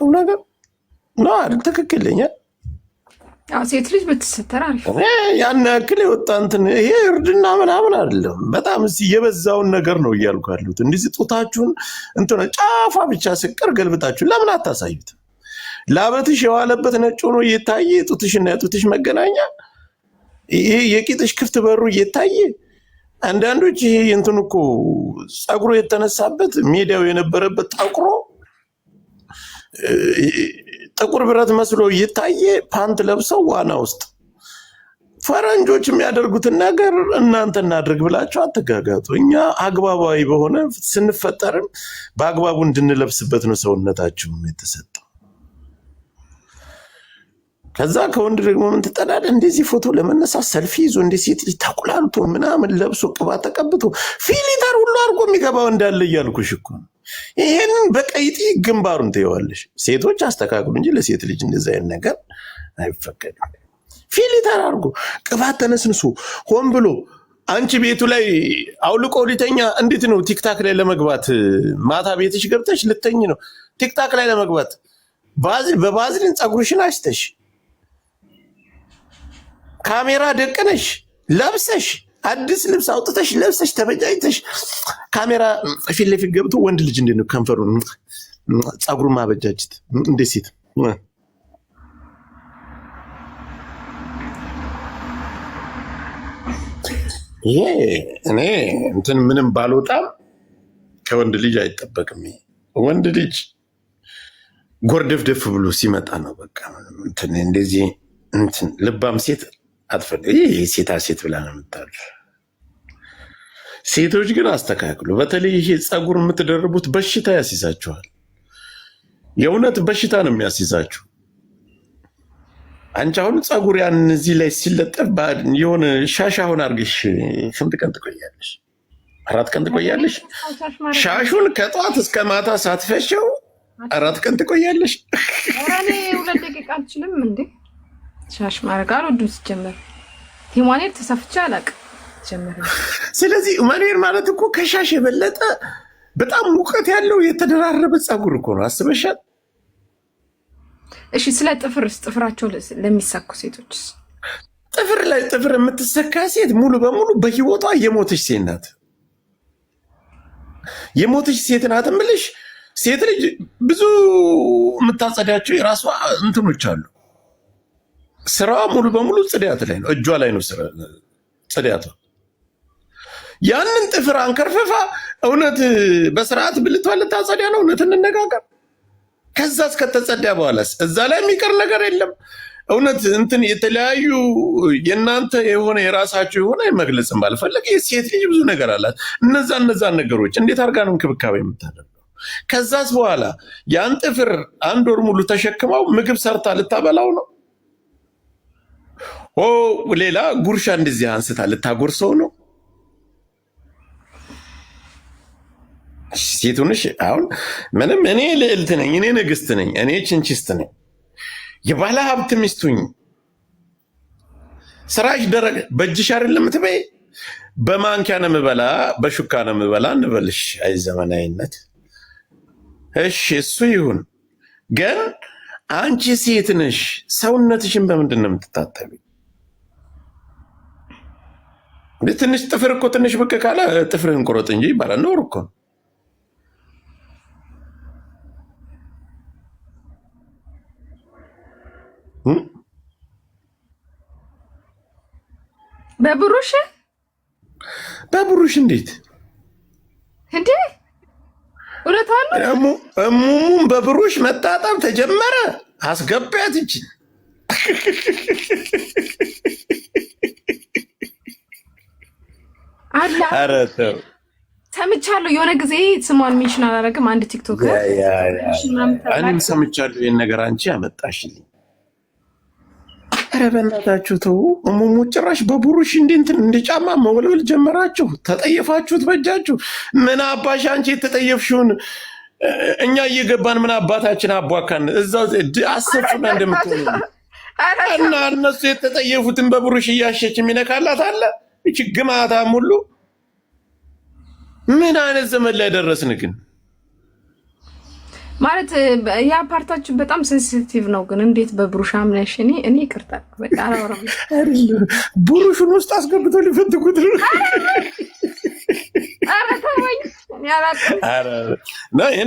ቁም ነገር ነው ትክክለኛ ሴት ልጅ ብትሰተር አሪፍ። ያን ያክል የወጣ እንትን ይሄ እርድና ምናምን አይደለም። በጣም እስኪ የበዛውን ነገር ነው እያልኩ ያሉት። እንደዚህ ጡታችሁን እንትን ጫፋ ብቻ ስቅር ገልብታችሁን ለምን አታሳዩት? ላበትሽ የዋለበት ነጭ ሆኖ እየታየ ጡትሽና የጡትሽ መገናኛ ይሄ የቂጥሽ ክፍት በሩ እየታየ አንዳንዶች ይሄ እንትን እኮ ጸጉሩ የተነሳበት ሜዳው የነበረበት ጠቁሮ ጥቁር ብረት መስሎ ይታየ ፓንት ለብሰው ዋና ውስጥ ፈረንጆች የሚያደርጉትን ነገር እናንተ እናድርግ ብላቸው አተጋጋጡ። እኛ አግባባዊ በሆነ ስንፈጠርም በአግባቡ እንድንለብስበት ነው ሰውነታቸው የተሰጠው። ከዛ ከወንድ ደግሞ ምን ትጠላለህ? እንደዚህ ፎቶ ለመነሳት ሰልፊ ይዞ እንደ ሴት ተቁላልቶ ምናምን ለብሶ ቅባት ተቀብቶ ፊሊተር ሁሉ አድርጎ የሚገባው እንዳለ እያልኩሽ እኮ ነው። ይሄንን በቀይጢ ግንባሩን ትየዋለሽ። ሴቶች አስተካክሉ እንጂ ለሴት ልጅ እንደዚህ አይነት ነገር አይፈቀድም። ፊልተር አድርጎ ቅባት ተነስንሱ ሆን ብሎ አንቺ ቤቱ ላይ አውልቆ ሊተኛ እንዴት ነው? ቲክታክ ላይ ለመግባት ማታ ቤትሽ ገብተሽ ልተኝ ነው ቲክታክ ላይ ለመግባት በባዝሊን ፀጉርሽን አሽተሽ ካሜራ ደቅነሽ ለብሰሽ አዲስ ልብስ አውጥተሽ ለብሰሽ ተበጃጅተሽ ካሜራ ፊት ለፊት ገብቶ ወንድ ልጅ እንዴት ነው ከንፈሩ ፀጉሩን ማበጃጅት እንደ ሴት ይሄ እኔ እንትን ምንም ባልወጣም ከወንድ ልጅ አይጠበቅም። ወንድ ልጅ ጎርደፍደፍ ብሎ ሲመጣ ነው በቃ እንትን እንደዚህ እንትን ልባም ሴት አትፈልግ። ይሄ ሴታ ሴት ብላ ነው የምታሉ ሴቶች ግን አስተካክሉ። በተለይ ይሄ ጸጉር የምትደርቡት በሽታ ያስይዛችኋል። የእውነት በሽታ ነው የሚያስይዛችሁ። አንቺ አሁን ጸጉር ያን እዚህ ላይ ሲለጠፍ የሆነ ሻሽ አሁን አድርገሽ ስንት ቀን ትቆያለሽ? አራት ቀን ትቆያለሽ። ሻሹን ከጠዋት እስከ ማታ ሳትፈሸው አራት ቀን ትቆያለሽ። ሁለት ደቂቃ አልችልም እንዴ ሻሽ ማድረግ አልወድም። ሲጀመር ቲማኔር ተሰፍቼ አላቅም። ስለዚህ መኖር ማለት እኮ ከሻሽ የበለጠ በጣም ሙቀት ያለው የተደራረበ ፀጉር እኮ ነው። አስበሻል? እሺ፣ ስለ ጥፍርስ? ጥፍራቸው ለሚሳኩ ሴቶች ጥፍር ላይ ጥፍር የምትሰካ ሴት ሙሉ በሙሉ በህይወቷ የሞተች ሴት ናት። የሞተች ሴት ናት እምልሽ። ሴት ልጅ ብዙ የምታጸዳቸው የራሷ እንትኖች አሉ። ስራዋ ሙሉ በሙሉ ጽዳት ላይ ነው። እጇ ላይ ነው ጽዳቷ። ያንን ጥፍር አንከርፈፋ እውነት በስርዓት ብልቷን ልታጸዳ ነው? እውነት እንነጋገር። ከዛ እስከተጸዳ በኋላስ እዛ ላይ የሚቀር ነገር የለም። እውነት እንትን የተለያዩ የእናንተ የሆነ የራሳችሁ የሆነ አይመግለጽም ባልፈለግ የሴት ልጅ ብዙ ነገር አላት። እነዛ እነዛን ነገሮች እንዴት አድርጋ ነው እንክብካቤ የምታደርገው? ከዛስ በኋላ ያን ጥፍር አንድ ወር ሙሉ ተሸክመው ምግብ ሰርታ ልታበላው ነው? ሌላ ጉርሻ እንደዚህ አንስታ ልታጎርሰው ነው? ሴቱንሽ አሁን ምንም እኔ ልዕልት ነኝ፣ እኔ ንግስት ነኝ፣ እኔ ችንችስት ነኝ፣ የባለ ሀብት ሚስቱኝ ስራሽ ደረቅ በእጅሽ አይደለም ትበይ። በማንኪያ ነው የምበላ፣ በሹካ ነው የምበላ እንበልሽ። አይ ዘመናዊነት። እሺ እሱ ይሁን፣ ግን አንቺ ሴት ነሽ። ሰውነትሽን በምንድን ነው የምትታጠቢ? ትንሽ ጥፍር እኮ ትንሽ ብቅ ካለ ጥፍርህን ቁረጥ እንጂ ይባላል። ነውር እኮ ነው። በብሩሽ በብሩሽ እንዴት እንዴ? እውነቷን ነው። እሙሙም በብሩሽ መጣጣም ተጀመረ። አስገባያት እንጂ ሰምቻለሁ። የሆነ ጊዜ ስሟን ሜንሽን አላደረግም አንድ ቲክቶክ እኔም ሰምቻለሁ። ይህን ነገር አንቺ አመጣሽልኝ። ኧረ በእናታችሁ ተው። እሙሙ ጭራሽ በቡሩሽ እንዴት እንደ ጫማ መወልወል ጀመራችሁ። ተጠየፋችሁት በእጃችሁ። ምን አባሽ አንቺ የተጠየፍሽውን እኛ እየገባን ምን አባታችን አቧካን እዛው አሰብና እንደምትሆኑ እና እነሱ የተጠየፉትን በቡሩሽ እያሸች የሚነካላት አለ። ይች ግማታም ሁሉ ምን አይነት ዘመን ላይ ደረስን ግን? ማለት ያ ፓርታችሁ በጣም ሴንሲቲቭ ነው። ግን እንዴት በብሩሽ አምነሽ? እኔ እኔ ይቅርታ ብሩሹን ውስጥ አስገብቶ ሊፈትጉት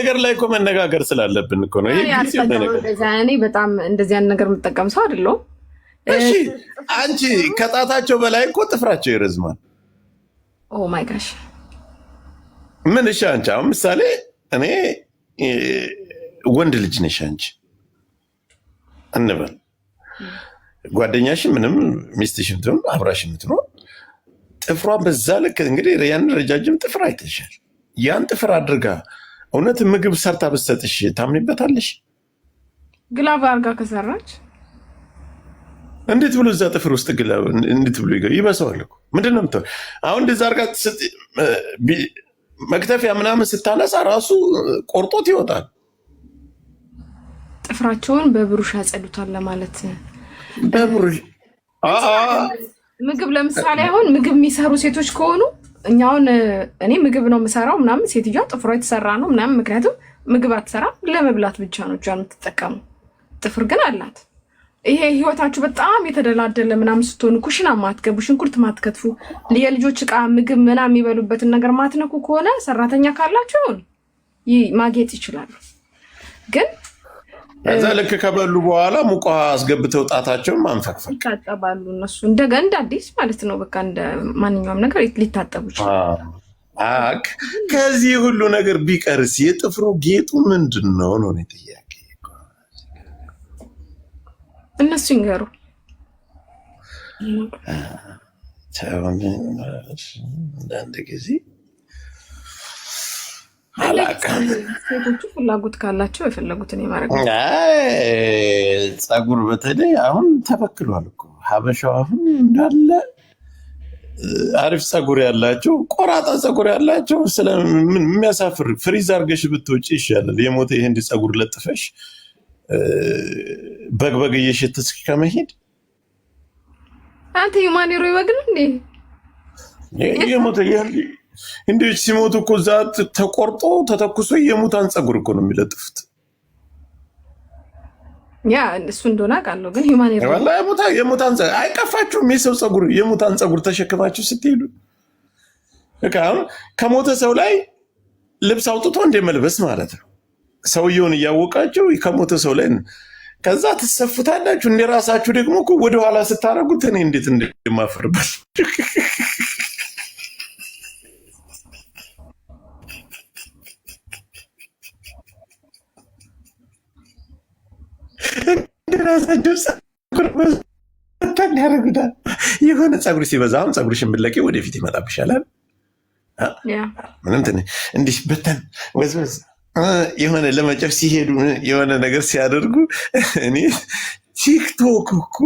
ነገር ላይ እኮ መነጋገር ስላለብን እኮ ነው። እኔ በጣም እንደዚህ ነገር የምጠቀም ሰው አይደለሁም። እሺ አንቺ ከጣታቸው በላይ እኮ ጥፍራቸው ይረዝማል። ኦ ማይ ጋሽ ምን እሺ አንቺ አሁን ምሳሌ እኔ ወንድ ልጅ ነሽ አንቺ እንበል ጓደኛሽ ምንም ሚስትሽ ምትሆን አብራሽ የምትኖር ጥፍሯ በዛ ልክ እንግዲህ ያን ረጃጅም ጥፍር አይተሻል። ያን ጥፍር አድርጋ እውነት ምግብ ሰርታ ብትሰጥሽ ታምኒበታለሽ? ግላብ አድርጋ ከሰራች እንዴት ብሎ እዛ ጥፍር ውስጥ ግላብ እንዴት ብሎ ይበሰዋል እኮ ምንድን ነው የምትሆን አሁን እንደዛ አድርጋ መክተፊያ ምናምን ስታነሳ ራሱ ቆርጦት ይወጣል። ጥፍራቸውን በብሩሽ ያጸዱታል ለማለት በብሩሽ ምግብ ለምሳሌ አሁን ምግብ የሚሰሩ ሴቶች ከሆኑ እኛውን እኔ ምግብ ነው የምሰራው ምናምን፣ ሴትዮዋ ጥፍሯ የተሰራ ነው ምናምን። ምክንያቱም ምግብ አትሰራም፣ ለመብላት ብቻ ነው እጇን የምትጠቀሙ። ጥፍር ግን አላት። ይሄ ህይወታችሁ በጣም የተደላደለ ምናምን ስትሆኑ ኩሽና ማትገቡ፣ ሽንኩርት ማትከትፉ፣ የልጆች እቃ ምግብ ምናምን የሚበሉበትን ነገር ማትነኩ ከሆነ ሰራተኛ ካላችሁ ይሁን ማጌጥ ይችላሉ። ግን ከዛ ልክ ከበሉ በኋላ ሙቋ አስገብተው ጣታቸውን ማንፈቅፈቅ ይታጠባሉ። እነሱ እንደገ እንደ አዲስ ማለት ነው። በቃ እንደ ማንኛውም ነገር ሊታጠቡ ይችላል። ከዚህ ሁሉ ነገር ቢቀርስ የጥፍሩ ጌጡ ምንድን ነው ነው ጥያቄ እነሱ ይንገሩ። አንዳንድ ጊዜ ሴቶቹ ፍላጎት ካላቸው የፈለጉትን የማድረግ ጸጉር በተለይ አሁን ተበክሏል እኮ ሀበሻው አሁን እንዳለ አሪፍ ጸጉር ያላቸው ቆራጣ ጸጉር ያላቸው ስለምን የሚያሳፍር ፍሪዝ አርገሽ ብትወጪ ይሻላል። የሞተ የህንድ ጸጉር ለጥፈሽ በግበግ እየሸተት እስኪ ከመሄድ አንተ የማኔሮ ይበግል እንዴ? እየሞተ ያል እንዲች ሲሞቱ እኮ እዛ ተቆርጦ ተተኩሶ የሙታን ፀጉር እኮ ነው የሚለጥፉት። ያ እሱ እንደሆነ አውቃለሁ፣ ግን የሙታን ፀጉር አይቀፋችሁም? የሰው ፀጉር የሙታን ፀጉር ተሸክማችሁ ስትሄዱ ከሞተ ሰው ላይ ልብስ አውጥቶ እንደ መልበስ ማለት ነው። ሰውየውን እያወቃችሁ ከሞተ ሰው ላይ ከዛ ትሰፉታላችሁ። እንደ ራሳችሁ ደግሞ እኮ ወደኋላ ስታደርጉት እኔ እንዴት እንደማፍርበት እንደራሳችሁ ያደርጉታል። የሆነ ፀጉር ሲበዛ አሁን ፀጉርሽን ብትለቂ ወደፊት ይመጣብሻላል። ምንም እንዲህ በተን ወዝወዝ የሆነ ለመጨፍ ሲሄዱ የሆነ ነገር ሲያደርጉ እኔ ቲክቶክ እኮ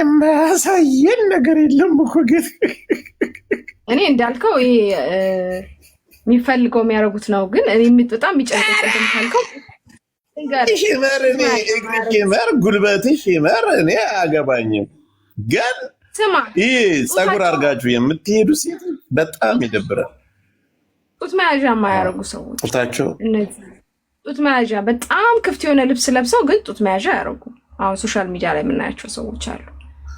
የማያሳየን ነገር የለም እኮ ግን እኔ እንዳልከው ይሄ የሚፈልገው የሚያደርጉት ነው። ግን እኔ በጣም የሚጨንቀኝ ካልከው ይመር እግርሽ ይመር እኔ አገባኝም። ግን ይህ ፀጉር አድርጋችሁ የምትሄዱ ሴት በጣም ይደብራል። ጡት መያዣ የማያደርጉ ሰዎች ጡታቸው እነዚህ ጡት መያዣ በጣም ክፍት የሆነ ልብስ ለብሰው ግን ጡት መያዣ ያደርጉ አሁን ሶሻል ሚዲያ ላይ የምናያቸው ሰዎች አሉ።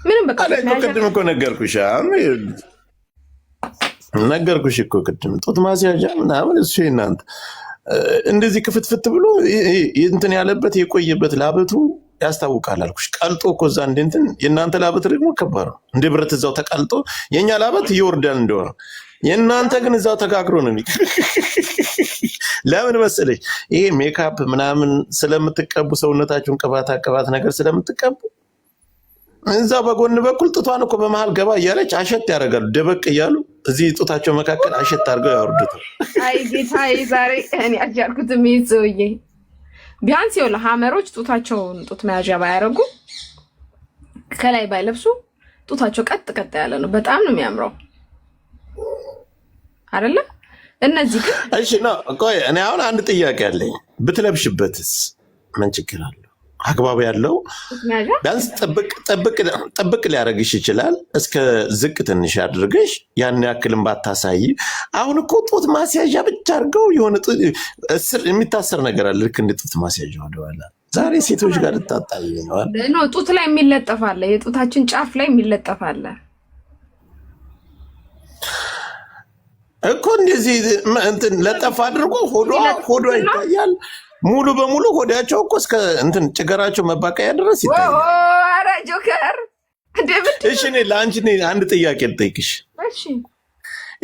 ምንም በቃ ቅድም እኮ ነገርኩሽ ነገርኩሽ እኮ ቅድም ጡት ማስያዣ ምናምን እሱ እናንተ እንደዚህ ክፍትፍት ብሎ እንትን ያለበት የቆየበት ላበቱ ያስታውቃል አልኩሽ። ቀልጦ እኮ እዛ እንደ እንትን የእናንተ ላበት ደግሞ ከባድ ነው፣ እንደ ብረት እዛው ተቀልጦ የእኛ ላበት ይወርዳል እንደሆነ የእናንተ ግን እዛው ተጋግሮ ነው። ለምን መሰለሽ ይሄ ሜካፕ ምናምን ስለምትቀቡ ሰውነታችሁን ቅባት አቅባት ነገር ስለምትቀቡ እዛ በጎን በኩል ጡቷን እኮ በመሀል ገባ እያለች አሸት ያደርጋሉ። ደበቅ እያሉ እዚህ ጡታቸው መካከል አሸት አድርገው ያወርዱታል። አይ ጌታ፣ ዛሬ እኔ አልቻልኩትም። ይህ ሰውዬ ቢያንስ የሆነ ሀመሮች ጡታቸውን ጡት መያዣ ባያደርጉ ከላይ ባይለብሱ ጡታቸው ቀጥ ቀጥ ያለ ነው። በጣም ነው የሚያምረው። አይደለ? እነዚህ ግን እሺ ነው። ቆይ እኔ አሁን አንድ ጥያቄ አለኝ። ብትለብሽበትስ ምን ችግር አለው? አግባብ ያለው ቢያንስ ጥብቅ ሊያደርግሽ ይችላል። እስከ ዝቅ ትንሽ አድርገሽ ያን ያክልን ባታሳይ። አሁን እኮ ጡት ማስያዣ ብቻ አድርገው የሆነ የሚታሰር ነገር አለ፣ ልክ እንደ ጡት ማስያዣ ወደኋላ። ዛሬ ሴቶች ጋር ልታጣይ ነዋል። ጡት ላይ የሚለጠፋለ፣ የጡታችን ጫፍ ላይ የሚለጠፋለ እኮ እንደዚህ እንትን ለጠፍ አድርጎ ሆዷ ሆዷ ይታያል። ሙሉ በሙሉ ሆዳቸው እኮ እስከ እንትን ጭገራቸው መባቀያ ድረስ ይታያል። ጆከር፣ እሺ እኔ ለአንቺ አንድ ጥያቄ ልጠይቅሽ።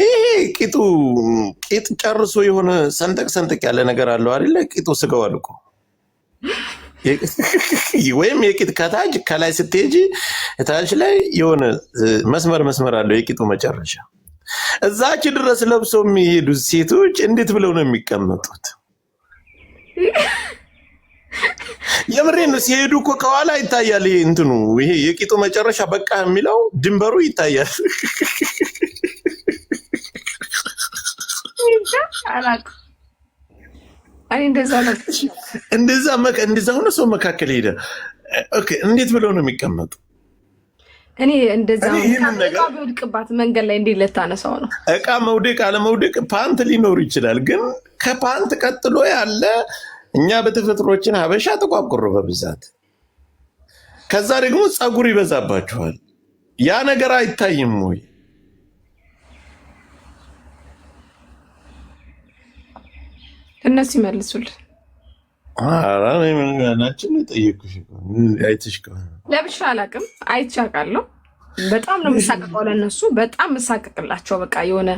ይሄ ቂጡ ቂጥ ጨርሶ የሆነ ሰንጠቅ ሰንጠቅ ያለ ነገር አለው አይደለ? ቂጡ ስጋው አልቆ ወይም የቂጥ ከታች ከላይ ስትሄጂ ታች ላይ የሆነ መስመር መስመር አለው የቂጡ መጨረሻ እዛች ድረስ ለብሰው የሚሄዱት ሴቶች እንዴት ብለው ነው የሚቀመጡት? የምሬ ነው። ሲሄዱ እኮ ከኋላ ይታያል። ይሄ እንትኑ ይሄ የቂጡ መጨረሻ በቃ የሚለው ድንበሩ ይታያል። እንደዛ ሆነ ሰው መካከል ሄደ። እንዴት ብለው ነው የሚቀመጡ? እኔ እንደዛ በውድቅባት መንገድ ላይ እንዴት ልታነሳው ነው? እቃ መውደቅ አለመውደቅ ፓንት ሊኖር ይችላል፣ ግን ከፓንት ቀጥሎ ያለ እኛ በተፈጥሮችን ሀበሻ ተቋቁሮ በብዛት ከዛ ደግሞ ፀጉር ይበዛባችኋል። ያ ነገር አይታይም ወይ? እነሱ ይመልሱልን። ናችን ጠየቅኩሽ። አይተሽ ለብሼ አላውቅም። አይቼ አውቃለሁ። በጣም ነው የምሳቀቀው ለእነሱ በጣም የምሳቀቅላቸው በቃ የሆነ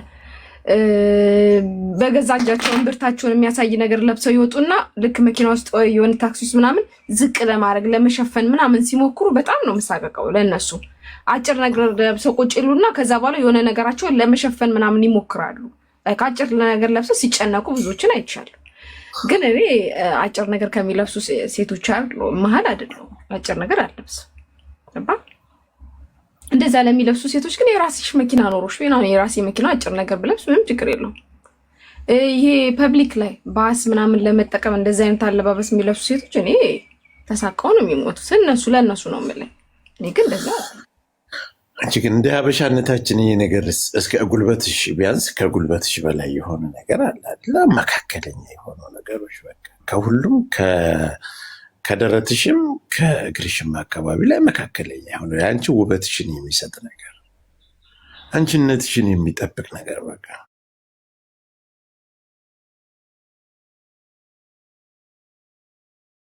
በገዛ እጃቸውን ብርታቸውን የሚያሳይ ነገር ለብሰው ይወጡና ልክ መኪና ውስጥ የሆነ ታክሲ ውስጥ ምናምን ዝቅ ለማድረግ ለመሸፈን ምናምን ሲሞክሩ በጣም ነው የምሳቀቀው ለእነሱ። አጭር ነገር ለብሰው ቁጭ ይሉና ከዛ በኋላ የሆነ ነገራቸውን ለመሸፈን ምናምን ይሞክራሉ። አጭር ነገር ለብሰው ሲጨነቁ ብዙዎችን አይቻሉ። ግን እኔ አጭር ነገር ከሚለብሱ ሴቶች መሀል አይደለሁም። አጭር ነገር አልለብስም። እንደዛ ለሚለብሱ ሴቶች ግን የራስሽ መኪና ኖሮሽ ወይ የራሴ መኪና አጭር ነገር ብለብስ ምንም ችግር የለውም። ይሄ ፐብሊክ ላይ ባስ ምናምን ለመጠቀም እንደዚ አይነት አለባበስ የሚለብሱ ሴቶች እኔ ተሳቀው ነው የሚሞቱት። እነሱ ለእነሱ ነው የምልህ። እኔ ግን እንደዛ እጅግ እንደ ሀበሻነታችን ይህ ነገር እስከ ጉልበትሽ ቢያንስ ከጉልበትሽ በላይ የሆነ ነገር አለ አይደለ? መካከለኛ የሆኑ ነገሮች በቃ ከሁሉም ከደረትሽም ከእግርሽም አካባቢ ላይ መካከለኛ የሆነ የአንቺ ውበትሽን የሚሰጥ ነገር፣ አንቺነትሽን የሚጠብቅ ነገር በቃ